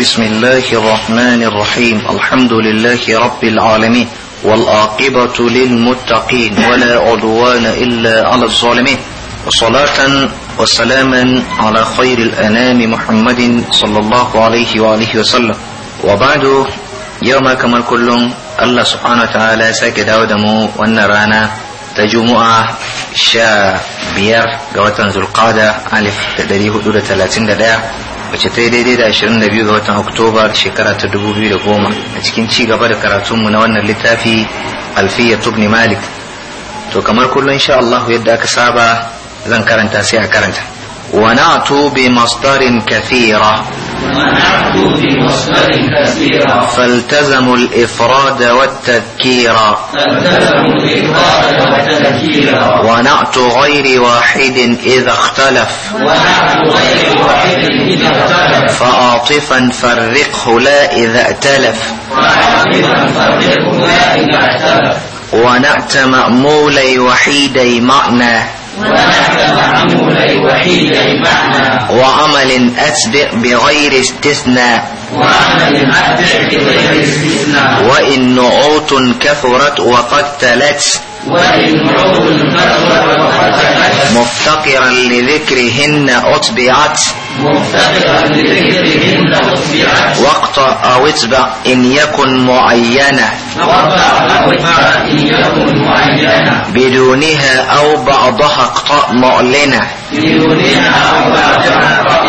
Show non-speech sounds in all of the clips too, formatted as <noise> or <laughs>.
بسم الله الرحمن الرحيم الحمد لله رب العالمين والآقبة للمتقين ولا عدوان إلا على الظالمين وصلاة وسلاما على خير الأنام محمد صلى الله عليه وآله وسلم وبعد يوم كما كل الله سبحانه وتعالى ساكت ودمو ونرانا تجمع شا بير قوة ذو القادة ألف تدريه دولة 31 wace ta daidai da 22 ga watan oktoba shekara ta 2010 a cikin ci gaba da karatunmu na wannan littafi alfiya tubni malik to kamar kullum insha Allah yadda aka saba zan karanta sai a karanta ونعتوا بمصدر كثيرة بمصدر كثيرة فالتزموا الإفراد والتذكيرا فالتزموا الإفراد والتذكيرا ونعت غير واحد إذا اختلف ونعت غير واحد إذا اختلف فعاطفا فرقه لا إذا ائتلف فعاطفا فرقه لا إذا ائتلف ونعت مأمولي وحيدي معنى وعمل أسبق بغير استثناء وعمل أسبق بغير استثناء وإن نعوت كثرت وقد تلت مفتقرا لذكرهن أطبعت مفتقرا لذكرهن واقطع أو اتبع إن يكن معينة أو اتبع إن يكن بدونها أو بعضها اقطع معلنة بدونها أو بعضها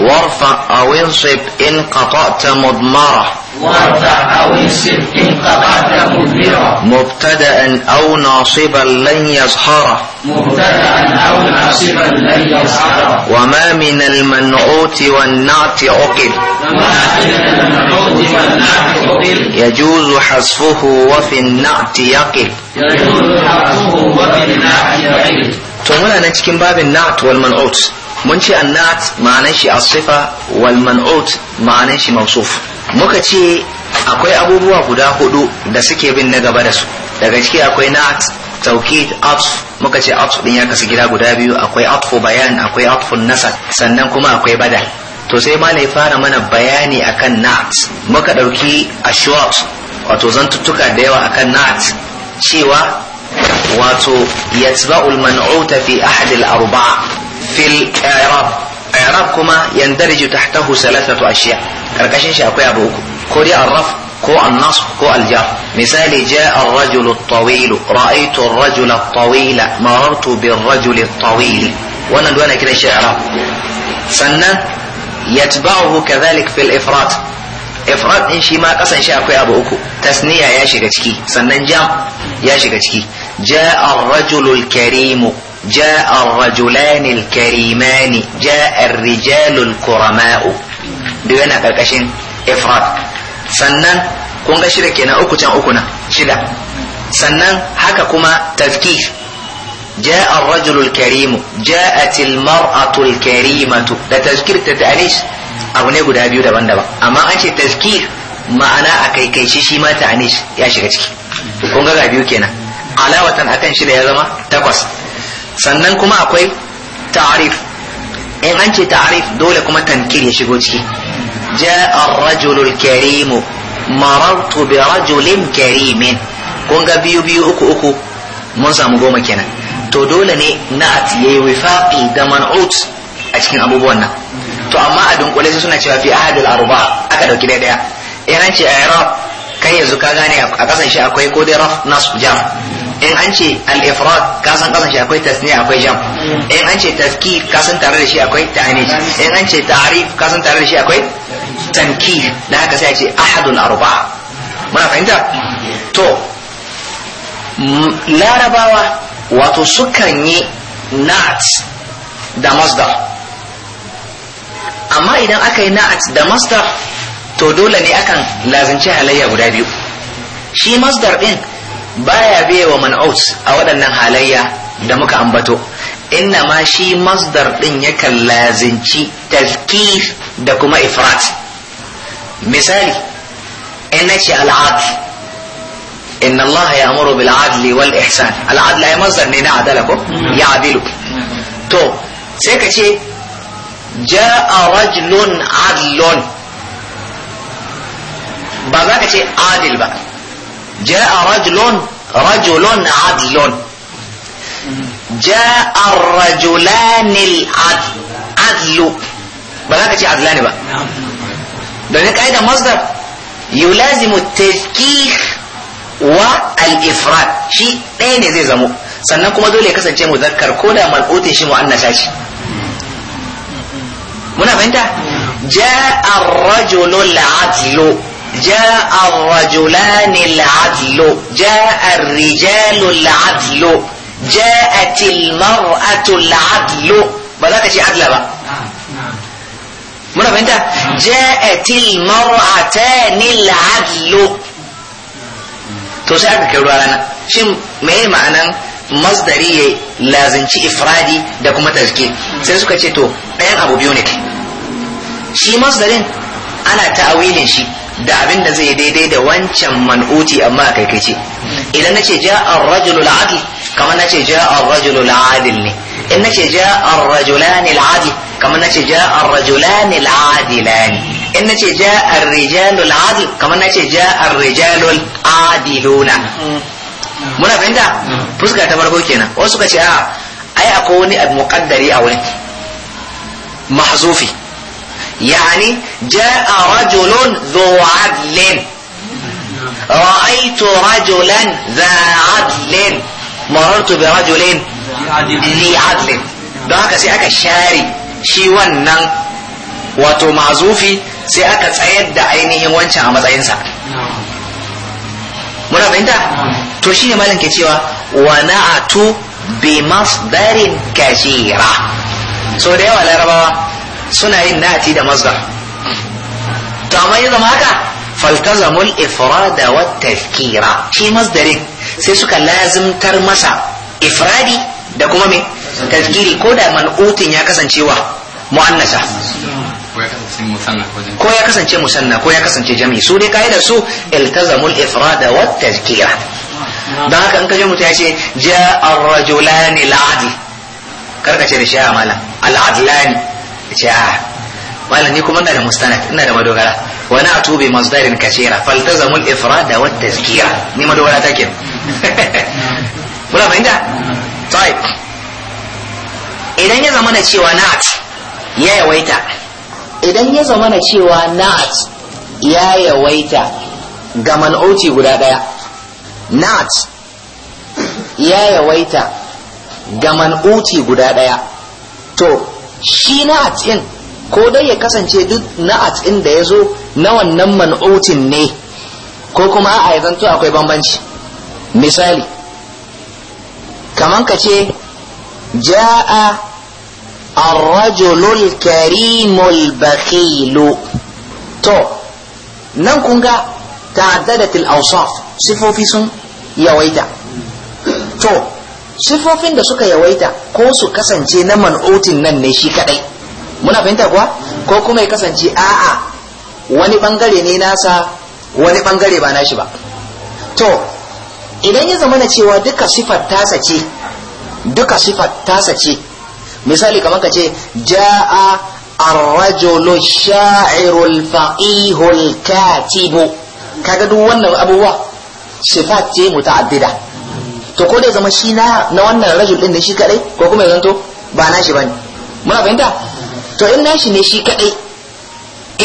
وارفع أو انصب إن قطعت مضمرة وارفع أو انصب إن قطعت مضمرة مبتدأ أو ناصبا لن يظهر مبتدأ أو ناصبا لن يظهر وما من المنعوت والنعت عقل وما من المنعوت والنعت عقل يجوز حذفه وفي النعت يقل يجوز حذفه وفي النعت يقل تمنى نتكلم باب النعت والمنعوت mun ce annat ma'anan shi asifa wal man'ut ma'anan shi mausuf muka ce akwai abubuwa guda hudu da suke bin na gaba da su daga ciki akwai nat taukid atf muka ce atf din ya kasu gida guda biyu akwai atfu bayan akwai atfun nasar sannan kuma akwai badal to sai ma ya fara mana bayani akan nat muka dauki ashwat wato zantuttuka da yawa akan nat cewa wato yatba'ul man'uta fi ahadil arba'a fil i'rab i'rab kuma yandarju tahtahu salasatu ashiya karkashin shi akwai abu uku ko dai arraf ko annas ko aljar misali jaa ar-rajul at-tawil ra'aytu ar-rajul at-tawil marartu bir-rajul at-tawil wannan fil ifrat ifrat din shi ma kasan shi akwai abu uku tasniya ya shiga ciki sannan jam ya shiga ciki jaa ar-rajul karimu جاء الرجلان الكريمان جاء الرجال الكرماء duk yana ƙarƙashin ifrat sannan kun ga shida kenan uku can uku na shida sannan haka kuma tafkif جاء الرجل الكريم جاءت المرأة الكريمة ده تذكير تتأنيس أبو نيجو ده بيو ده بندبا أما أنت تذكير معنى أكي كي شي ما تأنيس يا شكتك كونغا بيو كينا علاوة أكن شده يا زما تقص sannan kuma akwai ta'arif in an ce ta'arif dole kuma tankir ya shigo ciki ja'a rajulul karimu marartu bi rajulin karimin kun ga biyu biyu uku uku mun samu goma kenan to dole ne na atiye wifaqi da man'ut a cikin abubuwan nan to amma a dunkule su suna cewa fi ahadul arba aka dauki daya daya in an ce i'rab kai yanzu ka gane a kasan shi akwai ko dai raf nasu jam in an ce al-ifrat ka san kasan shi akwai tasniya akwai jam in an ce taskir ka san tare da shi akwai ta'anis in an ce ta'rif ka san tare da shi akwai tankir da haka sai a ce ahadul arba. muna fahimta to larabawa wato sukan yi na'at da masdar amma idan aka yi na'at da masdar to dole ne akan lazance halayya guda biyu shi masdar din baya biye wa man'ut a waɗannan halayya da muka ambato inna ma shi masdar ɗin yakan lazinci tafkif da kuma ifrat misali ina na ce al'adu inna Allah ya amuru bil adli wal ihsan al'adli ai masdar ne na adala ko ya adilu to sai ka ce ja'a rajulun adlun ba za ka ce adil ba جاء رجل رجل عدل جاء الرجلان العدل بلاك شي عدلان بقى لانك ايضا مصدر يلازم التذكيخ والافراد شيء ثاني زي زمو سنكم دول يكسن شيء مذكر كولا ملقوت شيء مؤنث شيء منا فهمت جاء الرجل العدل جاء الرجلان العدل جاء الرجال العدل جاءت المرأة العدل ba za ka ce adla ba muna fahimta ja'atil mar'atanil adlu to sai aka kai rana shin meye ma'anan masdari ya lazinci ifradi da kuma tazkir sai suka ce to ɗayan abu biyu ne shi masdarin ana ta'awilin shi da abin da zai daidai da wancan man'uti amma kai kai ce idan nace ja ar-rajulul adil kamar nace ja ar-rajulul adil ne in nace ja ar-rajulan al-adil kamar nace ja ar-rajulan al-adilan in nace ja ar-rijalul adil kamar nace ja ar-rijalul adiluna muna fahimta fuska ta farko kenan wasu ka ce a ai akwai wani muqaddari a wurin mahzufi يعني جاء رجل ذو عدل رأيت رجلا ذا عدل مررت برجل ذي عدل دهك سيأك شاري شيوانا وتو معزوفي سيأك سيد عينه وانشاء عمز عينسا muna fahimta to shi ne malin ke cewa wa na'atu bi suna yin nati da mazda to amma ya zama haka faltazamul ifrada wa tafkira shi masdarin sai suka lazimtar masa ifradi da kuma me tafkiri ko da man'utin ya kasancewa mu'annasa ko ya kasance musanna ko ya kasance jami su dai da su iltazamul ifrada wa tazkira don haka in kaje mutum ya ce ja ar-rajulani al-adi karka ce da shi amala ah, al-adlani ce a ah, malam ni kuma ina da mustanad ina da madogara wa na atu bi masdarin kaseera faltazamu al-ifrad wa at-tazkira ni madogara ta ke <laughs> muna fahimta tayyib idan ya zama na cewa na'at ya yawaita idan ya zama na cewa na'at ya yawaita ga man'uti guda daya na'at ya yawaita ga man'uti guda daya to shi na atsin ko dai ya kasance duk na atsin da ya zo na wannan man'utin ne ko kuma a zanto akwai bambanci misali kaman ka ce ja'a arrajulul karimul bakhilu to nan kun ga ta'addadatil awsaf sifofi sun yawaita to sifofin da suka yawaita ko su kasance na man'otin nan ne shi kadai muna fahimta kuwa ko kuma ya kasance a'a wani bangare ne nasa wani bangare ba nashi ba to idan ya zama na cewa duka sifar tasa ce duka sifar tasa ce misali kamar ka ce ja'a ar-rajulu sha'irul fa'ihul katibu kaga duk wannan abubuwa sifat ce muta'addida to ko da zama shi na na wannan rajul din da shi kadai ko kuma zanto ba na shi bane muna fahimta to in nashi ne shi kadai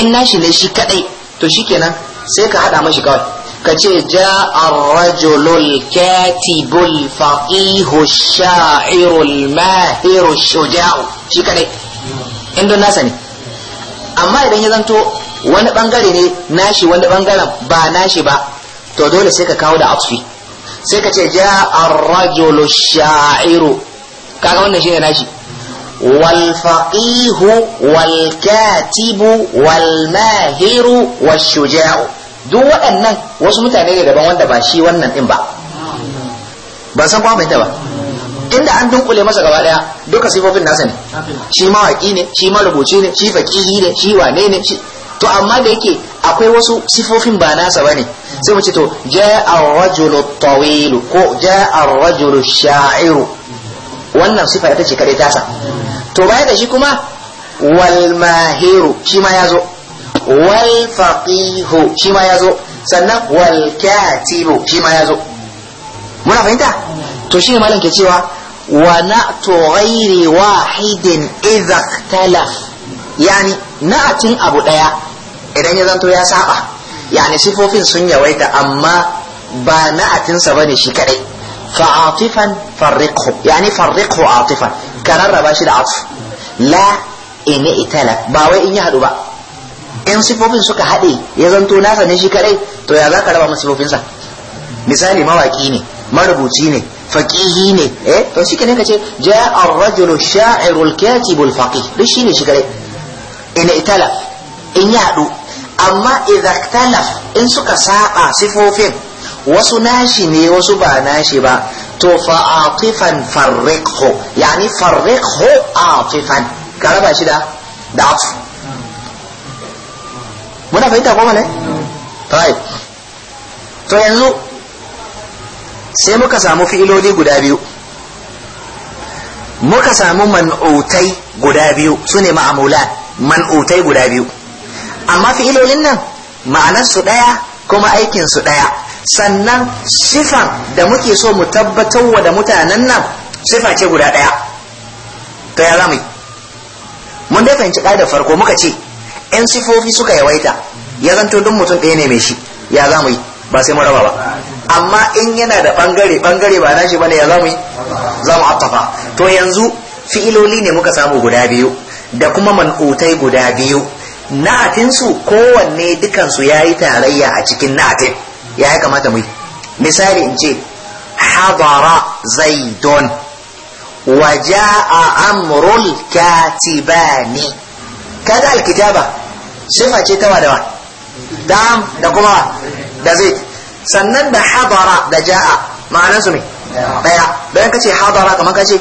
in nashi ne shi kadai to shikenan sai ka hada mashi kawai ka ce ja ar-rajulul katibul faqihu sha'irul mahiru shuja'u shi kadai in don nasa ne amma idan ya zanto wani bangare ne nashi wani bangaren ba nashi ba to dole sai ka kawo da atfi sai ka ce ja ar-rajulu sha'iru kaga wannan shine nashi wal faqihu wal katibu wal mahiru duk waɗannan wasu mutane ne daban wanda ba shi wannan din ba ba san kuma mai ba inda an dunkule masa gaba daya duka sifofin nasa ne shi mawaki ne shi marubuci ne shi faqihi ne shi wane ne shi to amma da yake akwai wasu sifofin ba nasa bane sai mu ce to jaa ar tawil ko jaa ar-rajulu sha'iru wannan sifa ita ce kare tasa to baya da shi kuma wal mahiru shi ma yazo wal faqihu shi ma yazo sannan wal katibu shi ma yazo muna fahimta to shi ne malam ke cewa wa to ghairi wahidin idza ikhtalaf yani na'atin abu daya idan ya zanto ya saba yani sifofin sun yawaita amma ba na'atinsa bane shi kadai fa'atifan farriqhu yani farriqhu atifan ka rarraba shi da atf la in itala ba wai in ya hadu ba in sifofin suka haɗe ya zanto nasa ne shi kadai to ya za ka raba masa sifofinsa misali mawaki ne marubuci ne faqihi ne eh to shi kenan kace ja'a ar-rajulu sha'iru al faqih duk shi kadai in itala in ya hadu amma idaktalaf in suka saba sifofin wasu nashi ne wasu ba nashi ba to fa'atifan farriqhu yani farriqhu atifan ka raba shi da da atf muna fahimta ko ne right to yanzu sai muka samu fi'iloli guda biyu muka samu man'utai guda biyu su ne ma'amulan man'utai guda biyu amma fi'ilolin nan ma'anarsu ɗaya kuma aikinsu ɗaya sannan sifan da muke so mu tabbatar wa da mutanen nan sifa ce guda ɗaya to ya zamu mun dai fahimci da farko muka ce yan sifofi suka yawaita ya zanto duk mutum ɗaya ne mai shi ya zamu ba sai mu raba ba amma in yana da bangare bangare ba nashi bane ya zamu zamu attafa to yanzu fi'iloli ne muka samu guda biyu da kuma man'utai guda biyu su kowanne dukansu ya yi tarayya a cikin na'atin ya yi kamata mu misali in ce hadara zaidon waja'a amrul katibani kaga alkitaba sifa ce ta wadawa dam da kuma da zai sannan da hadara da ja'a ma'anansu ne daya bayan kace hadara kamar kace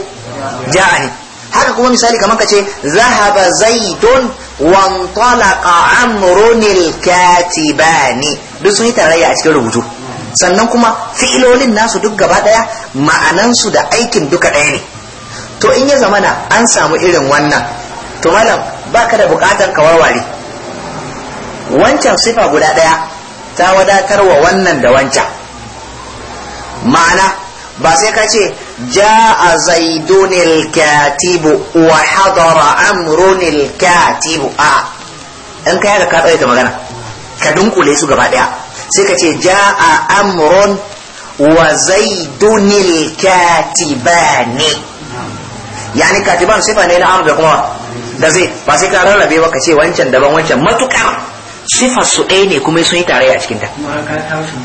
ja'a ne haka kuma misali kamar kace zahaba zaidun وانطلق عمر الكاتبان duk sun yi tarayya a cikin rubutu sannan kuma fi'ilolin nasu duk gaba daya ma'anansu da aikin duka daya ne to in ya zamana an samu irin wannan to malam baka da bukatar ka warware wancan sifa guda daya ta wadatar wa wannan da wancan ma'ana ba sai ka ce جاء زيد الكاتب وحضر أمر الكاتب آه. in ka كاتب ka مغانا ta magana ka dunkule su gaba daya sai ka ce ja'a amrun wa zaidunil katibani yani katiban sifa ne na amr da kuma zai ba sai ka rarrabe ba ka ce wancan daban wancan matukar sifar su ɗaya ne kuma sun yi tare a cikinta kuma ka kawo shi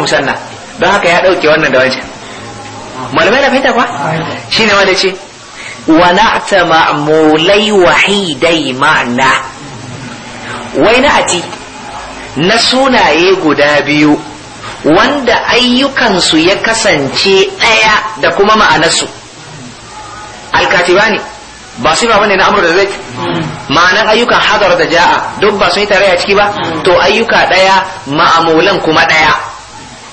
musanna don haka ya ɗauke wannan da wancan malamai na fahimta kuwa ne wanda ce ta ma'amulai wahidai ma'na wai na ati na sunaye guda biyu wanda ayyukansu ya kasance ɗaya da kuma ma'anarsu alkatibani ba su ba wani na amur da zai Ma'anar ayyukan hadar da ja'a duk ba sun yi a ciki ba to ayyuka ɗaya ma'amulan kuma ɗaya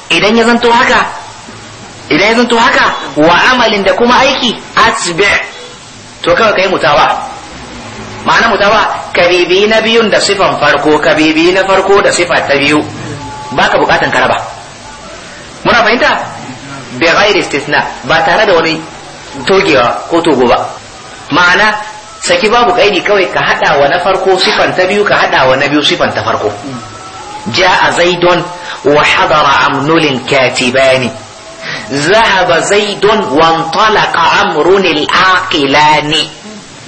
idan ya zanto haka idan ya zanto haka wa amalin da kuma aiki asbi to kawai kai mutawa ma'ana mutawa ka bibi na biyun da sifan farko ka bibi na farko da sifa ta biyu baka bukatan karaba muna fahimta bi ghairi istisna ba tare da wani togewa ko togo ba ma'ana saki babu kaidi kawai ka hada wa na farko sifan ta biyu ka hada wa na biyu sifan ta farko ja'a zaidun wa hadara amnulin katibani ذهب زيد وانطلق عمرو العاقلان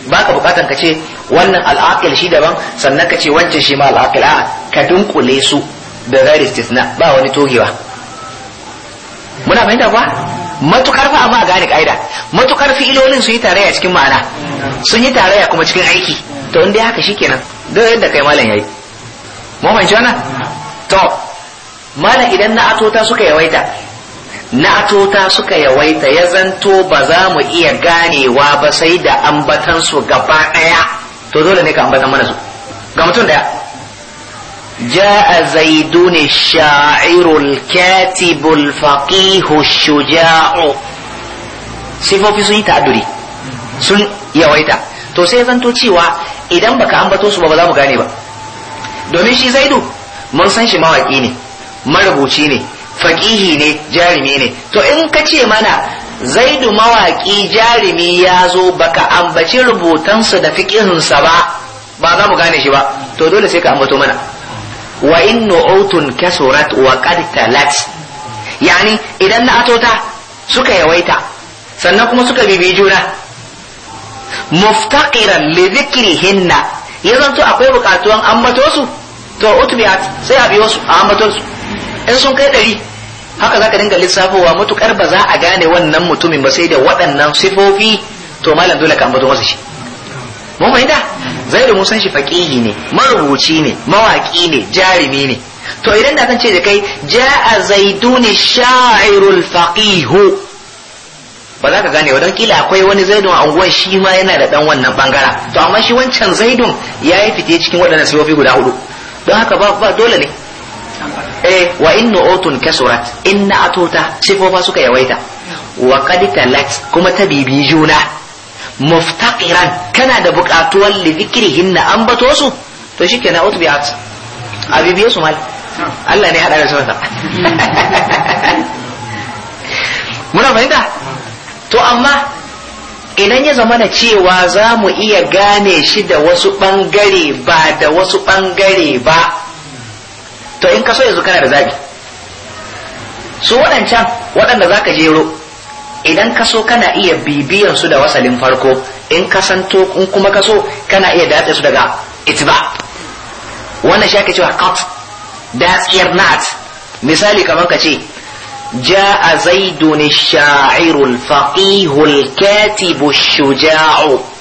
baka bukatan ka ce wannan al'aqil shi daban sannan ka ce wancan shi ma al'aqil a ka dunkule su da ghairi istithna ba wani togewa muna fahimta kuwa matukar fa amma gane kaida matukar fi'ilolin su yi tarayya cikin ma'ana sun yi tarayya kuma cikin aiki to inda haka shikenan da yadda kai malam yayi mu fahimci wannan to malam idan na atota suka yawaita na atota suka yawaita ya zanto ba za mu iya ganewa ba sai da ambatan su gaba ɗaya to dole ne ka ambatan mana su ga mutum daya ja'a zaidun sha'irul katibul faqihu shuja'u sifofi sun yi sun yawaita to sai zanto cewa idan baka ambato su ba ba za mu gane ba domin shi zaidu mun san shi mawaki ne marubuci ne faƙihi ne jarumi ne to in ka ce mana zaidu mawaƙi jarumi ya zo baka ambaci rubutansa da fiƙihinsa ba ba za mu gane shi ba to dole sai ka ambato mana wa in nu'utun kasurat wa qad talat yani idan na atota suka yawaita sannan kuma suka bibi juna muftaqiran li dhikrihinna ya zanto akwai bukatuwan ambato su to utmiat sai a biyo su a ambato su in sun kai ɗari haka za ka dinga lissafowa matukar ba za a gane wannan mutumin ba sai da waɗannan sifofi to malam dole ka ambato masa shi mun fahimta zai da musan shi faƙihi ne marubuci ne mawaƙi ne jarumi ne to idan da kan ce da kai ja'a zaiduni sha'irul faqihu ba za ka gane wa don kila akwai wani zaidun a unguwar shi ma yana da dan wannan bangara to amma shi wancan zaidun ya yi cikin waɗannan sifofi guda hudu don haka ba dole ne eh wa in nu'utun kasurat in na'atuta sifofa suka yawaita wa qad talat kuma ta bibi juna muftaqiran kana da buƙatuwar li zikrihin na ambato su to shike utbiat a su mal Allah ne hada da sunansa <laughs> muna fahimta to amma idan ya zama cewa za mu iya gane shi da wasu ɓangare ba da wasu ɓangare ba to in ka so yanzu kana da zaɓi su waɗancan waɗanda za ka jero idan kaso kana iya bibiyar su da wasalin farko in ka to in kuma ka so kana iya datse su daga itba wannan shi ake cewa qat your na'at misali kamar ka ce جاء زيد shairul faqihul الكاتب shuja'u.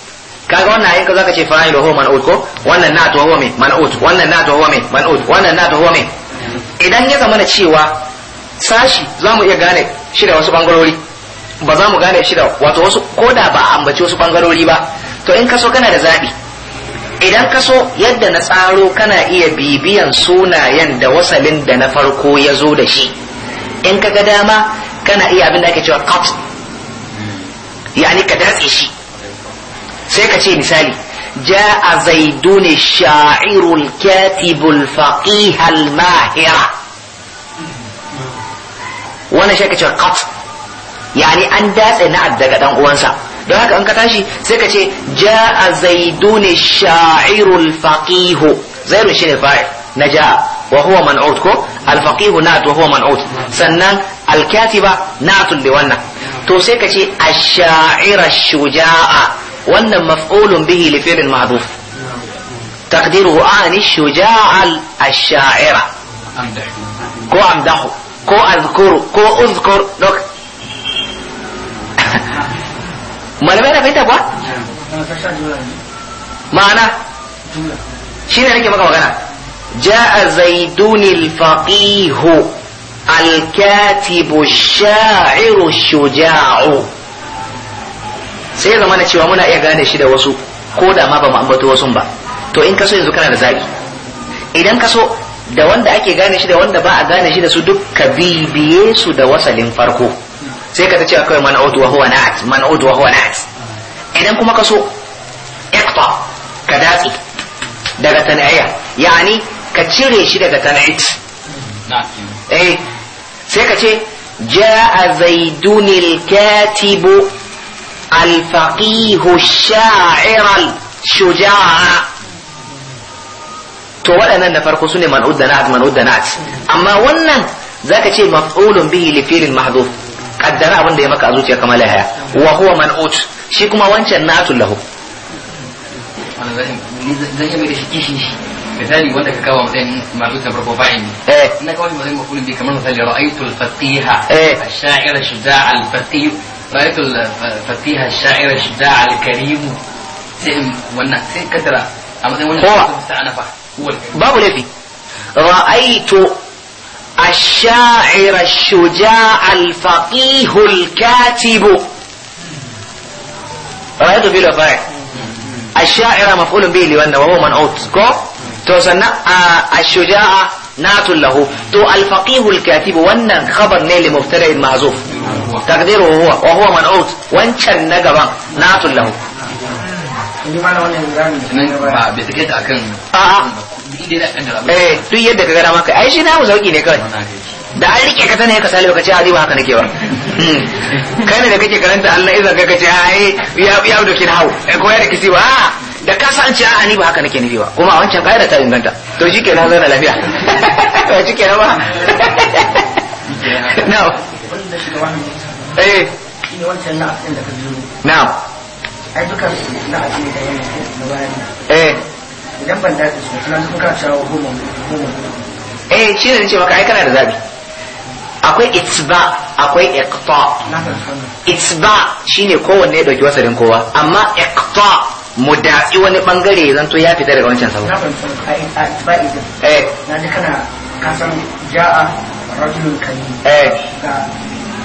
kaga wannan ayin ka zaka ce fa'ilu huwa man'ut ko wannan na to huwa me man'ut wannan na to huwa me man'ut wannan na to huwa me idan ya zama na cewa sashi za mu iya gane shi da wasu bangarori ba za mu gane shi da wato wasu ko da ba ambaci wasu bangarori ba to in kaso kana da zaɓi idan kaso yadda na tsaro kana iya bibiyan sunayen da wasalin da na farko ya zo da shi in ka ga dama kana iya abin da ake cewa cut yani ka datse shi sai ka ce misali ja'a zaidun sha'irul katibul faqihal mahira wannan shi ka ce qat yani an datse na daga dan uwansa don haka in ka tashi sai ka ce a zaidun sha'irul faqihu zaidun shine fa'il na ja'a وهو منعوت كو الفقيه نعت وهو منعوت سنن الكاتبة نعت بونا تو سيكا الشاعر الشجاع وأن مفعول به لفعل معذوف تقديره أعني الشجاع الشاعرة كو أمدحه كو أذكره كو أذكر دوك <laughs> ما لما أنا بوا ما أنا شين عليك بقى وغنى جاء زيدون الفقيه الكاتب الشاعر الشجاع sai ya zama na cewa muna iya gane shi da wasu ko da ma ba mu ambato wasu ba to in ka so yanzu kana da zaki idan ka so da wanda ake gane shi da wanda ba a gane shi da su duk ka bibiye su da wasalin farko sai ka ta cewa kawai mana audu wa huwa na'at mana audu wa huwa na'at idan kuma ka so iqta ka datsi daga tanaiya yani ka cire shi daga tanait eh sai ka ce ja'a zaidunil katibu الفقيه الشاعر الشجاع to waɗannan na farko su ne man'ud da na'at man'ud da na'at amma wannan zaka ce maf'ulun bihi li fi'lin mahdhuf qaddara abin da ya maka a zuciya kamar lahaya wa huwa man'ut shi kuma wancan na'atul lahu zan yi da shi kishin shi misali wanda ka kawo matsayin masu tabar ko bayan ne Ina kawo shi matsayin maf'ulun bihi kamar misali ra'aytul faqiha ash-sha'ira shuja'a al-faqih فايت ففيها الشاعر الشجاع الكريم سئم ونا سئم كترة أما سئم ونا باب لفي رأيت الشاعر الشجاع الفقيه الكاتب رأيت في الوفاء الشاعر مفعول به لونا وهو أوت كو توسنا آه، الشجاع ناتو له تو الفقيه الكاتب وانا خبر نيل مفترع معزوف takdiru huwa wa huwa man'ut wancan na gaban na tullahu eh duk yadda ka gada maka ai shi na mu sauki ne kawai da an rike ka tana ka sale ka ce ba haka nake ba kai ne da kake karanta Allah idan ka ce ai ya ya da kin hawo ko ya da kisi ba da ka san ce a ni ba haka nake nake ba kuma a wancan kaida ta inganta to shikenan zan lafiya to shikenan ba no eh shine wancan na da ka biyo na'am ai dukan na da da eh idan ban dace su kana sun ka shawo homo homo eh shine nace maka ai kana da zabi akwai itba akwai iqta itba shine kowanne ya dauki wasarin kowa amma iqta mudatsi wani bangare zan to ya fita daga wancan sabo eh na ji kana kasan ja'a rajulun karim eh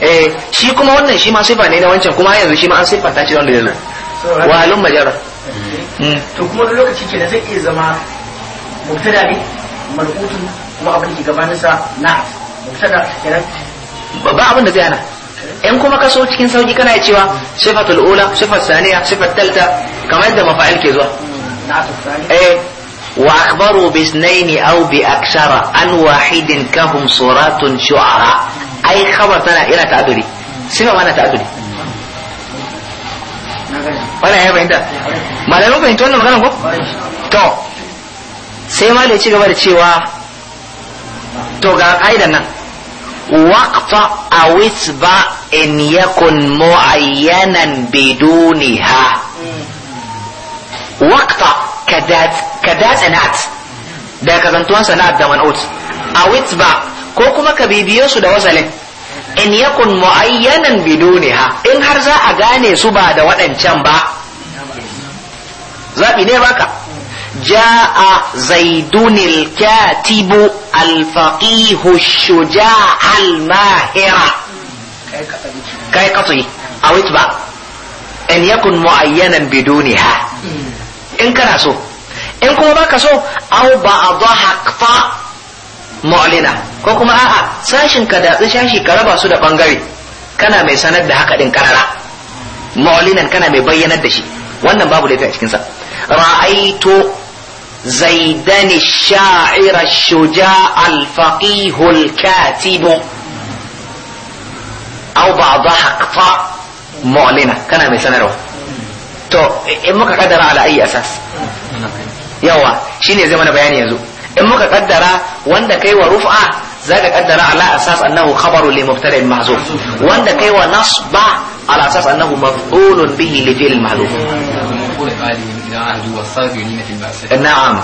eh shi kuma wannan shi ma sifa ne na wancan kuma yanzu shi ma an siffanta shi wanda yanzu walun majara hmm. to kuma da lokaci ke zai iya zama mubtada ne mal'utun kuma abin ke sa na mubtada kenan ba abin da zai ana in kuma ka so cikin sauki kana cewa sifatul ula sifat saniya sifat talta kamar yadda mafa'il ke zuwa eh وأخبروا باثنين bi aksara an wahidin كهم صورات shu'ara ai khabar tana yana ta'aduri sifa mana na ta'aduri wannan ya bayyana malamin fahimta wannan magana ko to sai ma ci gaba da cewa to ga ka'idan nan waqfa awis ba in yakun mu'ayyanan biduniha waqfa kadat kadat anat da kazantuwan sanat da man'ut awis ba ko kuma ka bibiyo su da wasalin in yakun mu'ayyanan biduniha in har za a gane su ba da waɗancan ba zaɓi ne baka ja'a zaidunil katibu alfaqihu shuja' almahira kai katsi a ba in yakun mu'ayyanan biduniha in kana so in kuma baka so au ba'dha haqfa mu'lina ko kuma a'a sashin ka da shashi ka raba su da bangare kana mai sanar da haka din karara mu'linan kana mai bayyanar da shi wannan babu laifi a cikin sa ra'aitu zaidan ash shuja al-faqih al-katib aw ba'dha haqfa mu'lina kana mai sanarwa to in muka kadara ala ayi asas yawa shine zai mana bayani yanzu in muka kaddara wanda kai wa rufa za ka kaddara ala asas annahu khabaru li mubtada'in mahzuf wanda kai wa nasba ala asas annahu maf'ulun bihi li fi'l mahzuf na'am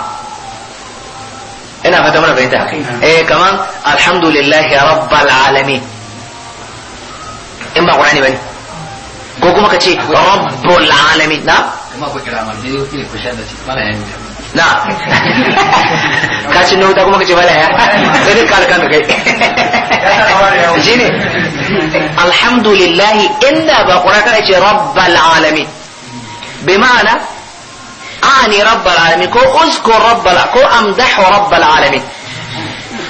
ina fata mana bayanta eh kaman alhamdulillahi rabbil alamin in ba qur'ani bane ko kuma kace rabbul alamin na kuma ko kira ma dai ku shada ci mala yayin na kacin na huta kuma kace malaya sai dai kare kanka kai shine alhamdulillah inda ba qura kana ce rabbal alamin bi ma'ana ani rabbal alamin ko uzkur rabbal ko amdahu rabbal alamin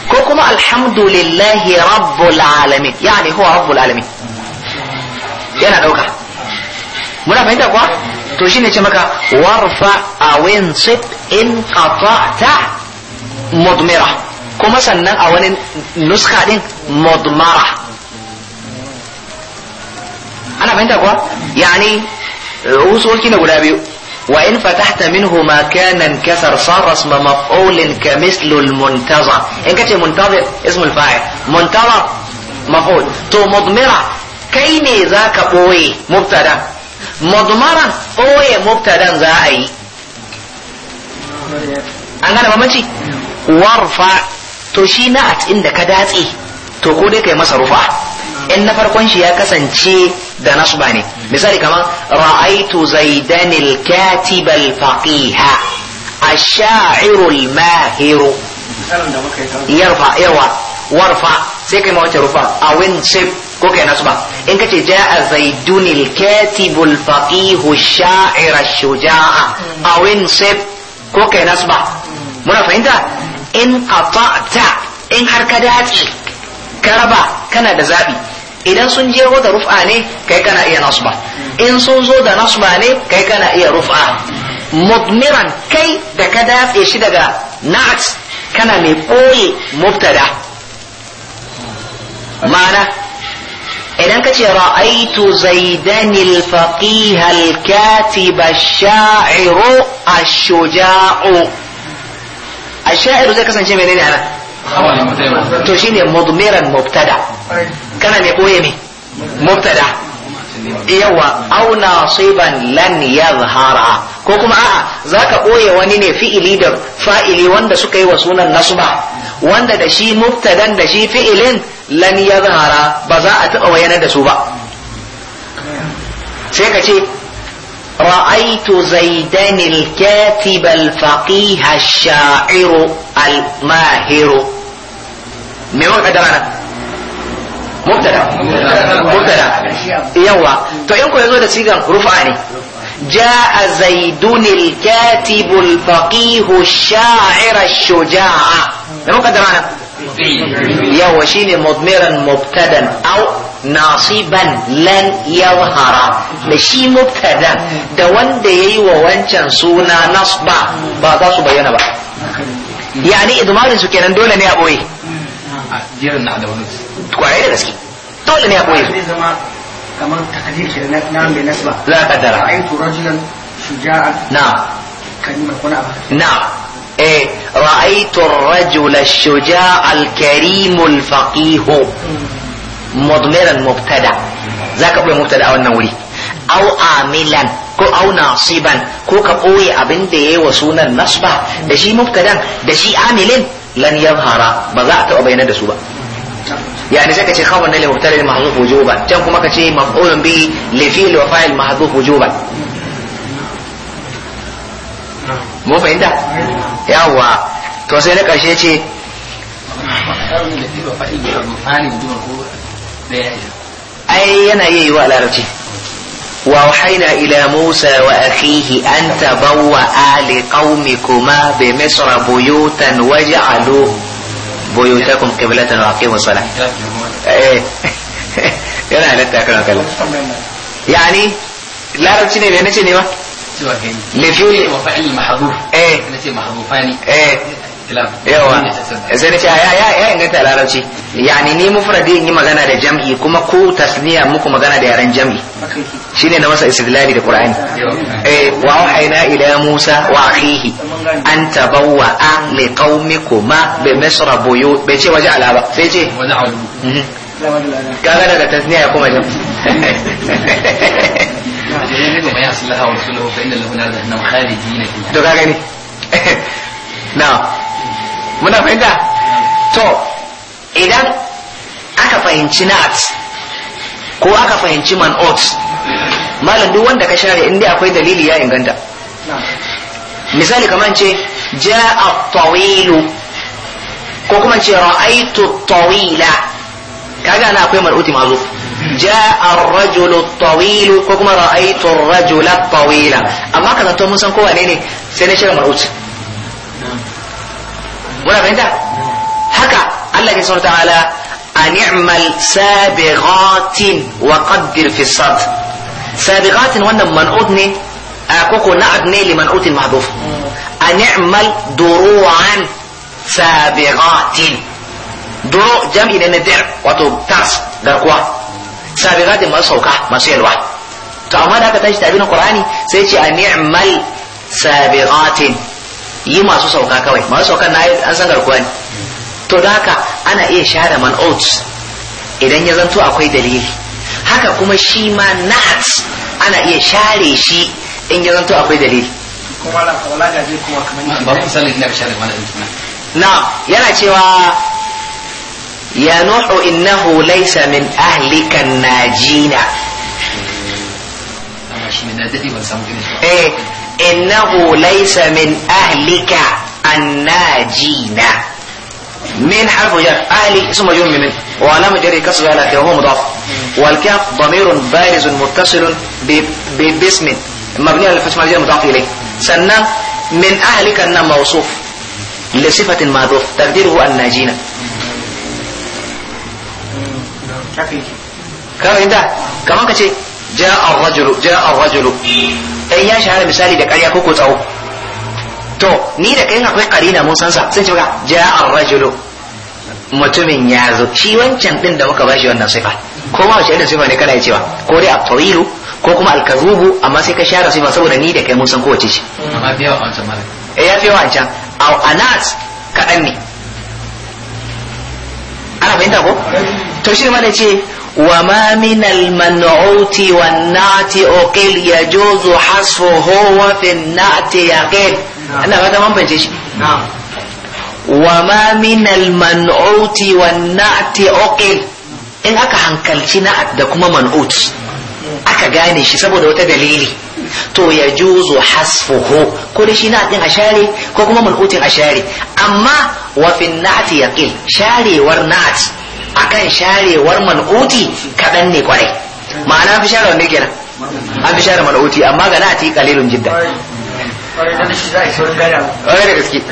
ko kuma alhamdulillah rabbul alamin yani huwa rabbul alamin yana dauka muna fahimta kuwa to shine ce maka warfa a winsib in qata'ta mudmira kuma sannan a wani nuska din mudmara ana fahimta kuwa yani usulki na guda biyu وإن فتحت منه ما كان انكسر صار اسم مفعول كمثل المنتظر إن كانت منتظر اسم الفاعل منتظر مفعول تو مضمرة كيني ذاك بوي مبتدأ madmara oye mubtadan za a yi an gane mamaci warfa to shi na at inda ka datse to ko dai kai masa rufa in na farkon shi ya kasance da nasba ne misali kamar ra'aitu zaidanil katibal katib al-faqiha ash-sha'ir al yarfa yawa warfa sai kai ma rufa awin sib ko kai nasu ba in kace ja zaidun al-katib al-faqih shujaa aw ko kai nasu ba muna fahimta in qata'ta in har ka dace ka kana da zabi idan sun je da rufa ne kai kana iya ba. in sun zo da nasba ne kai kana iya rufa mudmiran kai da ka datse shi daga na'at kana mai ɓoye mubtada ma'ana idan ka ce ra'aitu zaidan al katib ash ash-shuja'u ash zai kasance menene ana to shine mudmiran mubtada kana ne boye mubtada yawa aw nasiban lan yadhhara ko kuma a'a za ka ɓoye wani ne fi'ili da fa'ili wanda suka yi wa sunan nasuba wanda da shi mubtadan da shi fi'ilin lan ya zahara ba za a taɓa wayanar da su ba sai ka ce ra'aitu Zaidanil, al-katib faqih ash al-mahir me wa kadara nan mubtada mubtada yawa to in ku yazo da sigan rufa ne جاء زيدون الكاتب الفقيه الشاعر الشجاع ما مقدر معنا يو شين مضمرا مبتدا او nasiban lan yawhara da shi mubtada da wanda yayi wa wancan suna nasba ba za su bayyana ba yani idmarin kenan dole ne a boye kwarai gaske dole ne a boye kamar takdir ke na na mai nasba za ka dara ra'aytu rajulan shuja'an na kalmar kuna ba na eh ra'aytu ar-rajula ash-shuja'a al-karim al-faqih mudmiran mubtada zaka boye mubtada a wannan wuri au amilan ko au nasiban ko ka boye abin da yayi wa sunan nasba da shi mubtadan da shi amilin lan yadhhara ba za a taɓa bayyana da su ba يعني زي كتي خبر نيل مبتدأ محذوف وجوبا تم كما كتي مفعول به لفيل وفاعل محذوف وجوبا mu fahimta yawa to sai na karshe ce ai yana iya yi wa larabci wa haina ila musa wa akhihi an tabawwa ali qaumikuma bi misra waje waj'aluhu buyutakum qiblatan wa aqimu salah eh yana halatta kana kallon yani larabci ne me nace ne وفعل محذوف ايه نتي محذوفان ايه yawa sai na ce ah, ya inganta larabci yani ni mufradi in yi magana da jam'i kuma ko tasniya muku magana da yaren jam'i shine na masa istidlali da qur'ani eh wa wahayna ila musa wa akhihi an tabawwa li qaumikuma bi misra buyu bai ce waje ala ba sai ce mhm. kaga daga tasniya ya kuma jam'i to kaga ne na muna fahimta to idan aka fahimci na'at ko aka fahimci man'ot malam duk wanda ka share inda akwai dalili ya inganta misali kamar ce ja'a tawilu ko kuma ce ra'aitu tawila kaga na akwai mar'uti mazu ja'a rajulu tawilu ko kuma ra'aitu rajula tawila amma kaza to mun san kowa ne ne sai na cire mar'uti muna fahimta haka Allah ke sauran ta'ala an i'mal sabighatin wa qaddir fi sad sabighatin wannan man'ud ne koko na'ab ne li man'utin mahdhuf an i'mal duru'an sabighatin duru jam'i ne na dir wato tars garkuwa sabighatin masu sauka masu yalwa to amma da aka tashi tabirin qur'ani sai ce an i'mal sabighatin yi masu sauka kawai masu saukan na an san garkuwa ne to da haka ana iya share man oats idan ya zanto akwai dalili haka kuma shi ma nuts ana iya share shi in ya zanto akwai dalili na yana cewa ya nuhu innahu laysa min ahlikan najina eh إنه ليس من أهلك الناجين من حرف جر أهلي اسم مجرور من وعلامة جره كسر على كي وهو مضاف والكاف ضمير بارز متصل باسم مبني على الفتح الجر مضاف إليه سنة من أهلك أن موصوف لصفة معذوف تقديره الناجين كم انت كمان كشي جاء الرجل جاء الرجل dan ya shahara misali da ƙarya ko ko tsawo to ni da kai akwai ƙarina mun san sa sai ce ga ja'a rajulu mutumin ya zo shi wancan din da muka bashi wannan sifa ko ma wace irin sifa ne kana cewa ko dai at-tawilu ko kuma al-kazubu amma sai ka share sifa saboda ni da kai mun san kowace shi amma biya wancan malam eh ya fi wancan au anas kadan ne ana fahimta ko to shi ma ne ce وما من المنعوت والنعت أقل يجوز حصفه وفي النعت يقل أنا هذا ما بنجيش وما من المنعوت والنعت أقل in aka hankalci na'at da kuma man'ut aka gane shi saboda wata dalili to ya juzo hasfuhu ko da shi na'at a share ko kuma man'utin a share amma wa fin sharewar na'at akan sharewar man'uti kaɗan ne kwarai ma'ana fi share wanda kenan an fi share man'uti amma ga na'ati kalilun jidda ƙwarai da gaske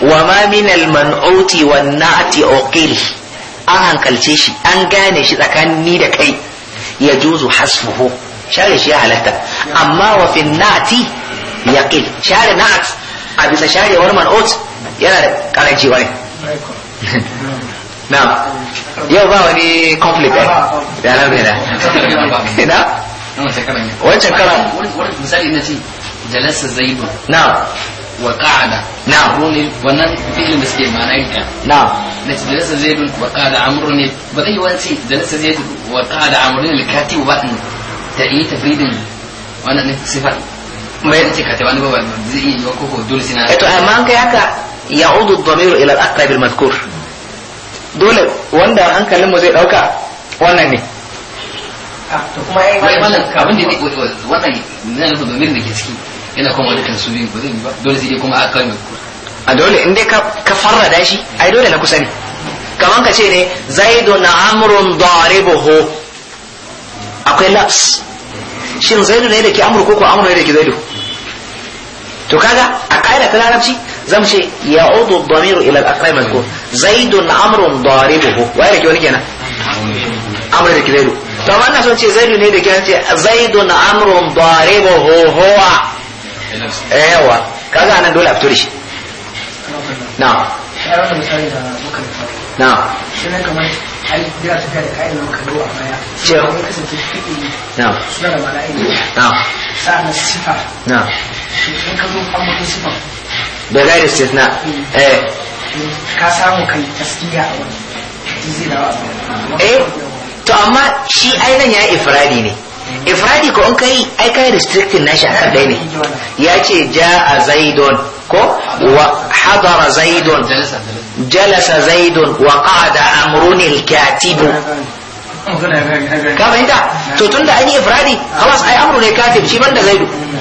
wa ma min al-man'uti wa na'ati uqil an hankalce shi an gane shi tsakanin ni da kai ya juzu hasfuhu share shi ya halatta amma wa fi na'ati yaqil share na'at a bisa sharewar man'ut yana da karanci wani <laughs> na'am yau ba wani conflict eh? ai da nan ne na wancan karan misali na ce jalasa zaidu na wa qa'ada na rune wannan fi'il da suke ma'ana ita na na ce jalasa zaidu wa qa'ada amru ne ba zai wance jalasa zaidu wa qa'ada amru ne likati wa ba'in ta yi ta tafridin wannan ne sifar mai da ce ka ta wani ba zai yi wa koko dole sina to amma kai haka ya'udu ad-damiru ila al-aqrab al dole wanda hankalinmu zai dauka wannan ne ah, ai wannan da domin da ke a a dole in dai ka fara shi ai dole na kusa ne kamar ka ce ne na amurin dare daribuhu akwai laps shin zaidu ne da ke amru ko ko ne da ke zaidu to kaga a kaida ta larabci zamshe ya'udu ad-damir ila al-aqrab mazkur zaidun amrun daribuhu wa yake wani kenan amr da kibelu to amma ina son ce zaidu ne da kenan ce zaidun amrun daribuhu huwa yawa kaga nan dole a fito da shi na'am na'am shi ne kamar ai da da nan kallo a baya ce na na sifa na da gairi yi eh ka samu kai taskiya a wani eh to amma shi ainihin ya ifradi ne ifradi ko in kai ai kai restricting nashi akan dai ne ya ce ja a zaidon ko wa hadara zaidon jalasa zaidon wa qa'ada amrun al-katibu ka fahimta to tunda an yi ifradi khalas ai amru ne katib shi banda zaidu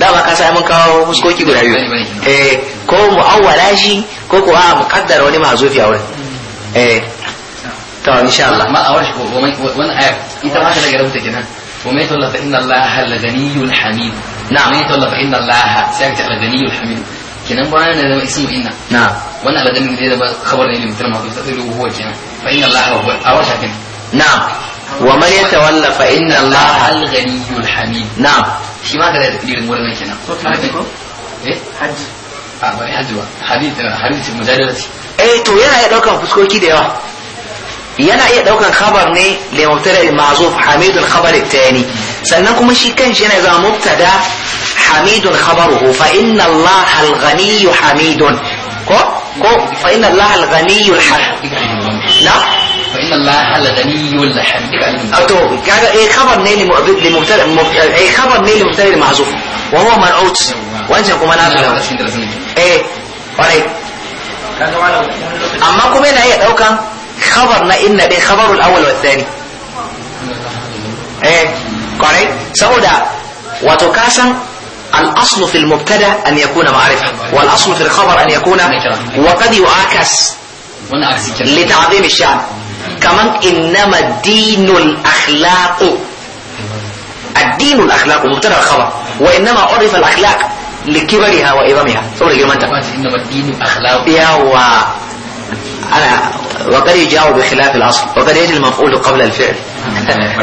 dama ka sai mun kawo huskoki guda biyu eh ko mu'awwala shi ko ko a muqaddara wani mahzufi a wurin eh to insha Allah ma awar shi wani ayar ita ma ta daga rubuta kenan wa mai tawalla fa inna Allah al-ghaniyyul hamid na mai tawalla fa inna Allah sai ta al-ghaniyyul hamid kenan bayan da ismu inna na wannan al-ghaniyyul zai zama khabar ne mutum ma ko sai ruhu kenan fa inna Allah huwa awar shi kenan na wa man yatawalla fa inna allaha al-ghaniyyul hamid na'am shi ma kada irin wannan kenan ko haji ko eh haji a ba haji eh, eh, to yana iya daukan fuskoki da yawa yana iya ɗaukan khabar ne li mubtada ma'zuf hamidul khabar tani sannan kuma shi kanshi yana zama mubtada hamidun khabaruhu fa inna allaha al-ghaniyyu hamidun ko ko fa inna allaha al-ghaniyyu al na الله الذي يلحم بالإنسان أتو قاعد أي خبر نيل مبتدا مبتدا خبر نيل مبتدا المحذوف وهو من أوت وأنت يا كمان أنا إيه وعليك أما كمان أي أو خبر نا إن ده خبر الأول والثاني إيه كوري سودا وتكاسا الأصل في المبتدا أن يكون معرفة والأصل في الخبر أن يكون وقد يعاكس لتعظيم الشعب كمان إنما الدين الأخلاق الدين الأخلاق مبتدا الخبر وإنما عرف الأخلاق لكبرها وعظمها سورة أنت إنما الدين الأخلاق يا و أنا وقد يجاوب بخلاف الأصل وقد يجي المفعول قبل الفعل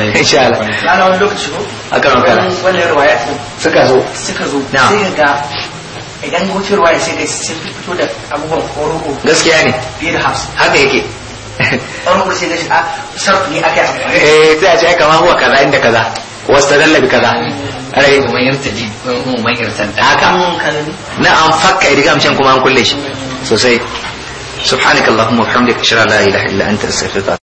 <laughs> إن شاء الله أنا أقول لك شو أكرم فعلا ولا روايات سكزو سكزو نعم idan gocewa ya sai da sun fito da abubuwan kororo gaskiya ne fiye da an ku sai gashi a sarf ne aka yi eh sai a ce kama huwa kaza inda kaza wasu dalla bi kaza rai kuma yarta ji kuma man yarta da haka na an fakka idigam can kuma an kulle shi sosai subhanakallahumma wa bihamdika ashhadu an la ilaha illa anta astaghfiruka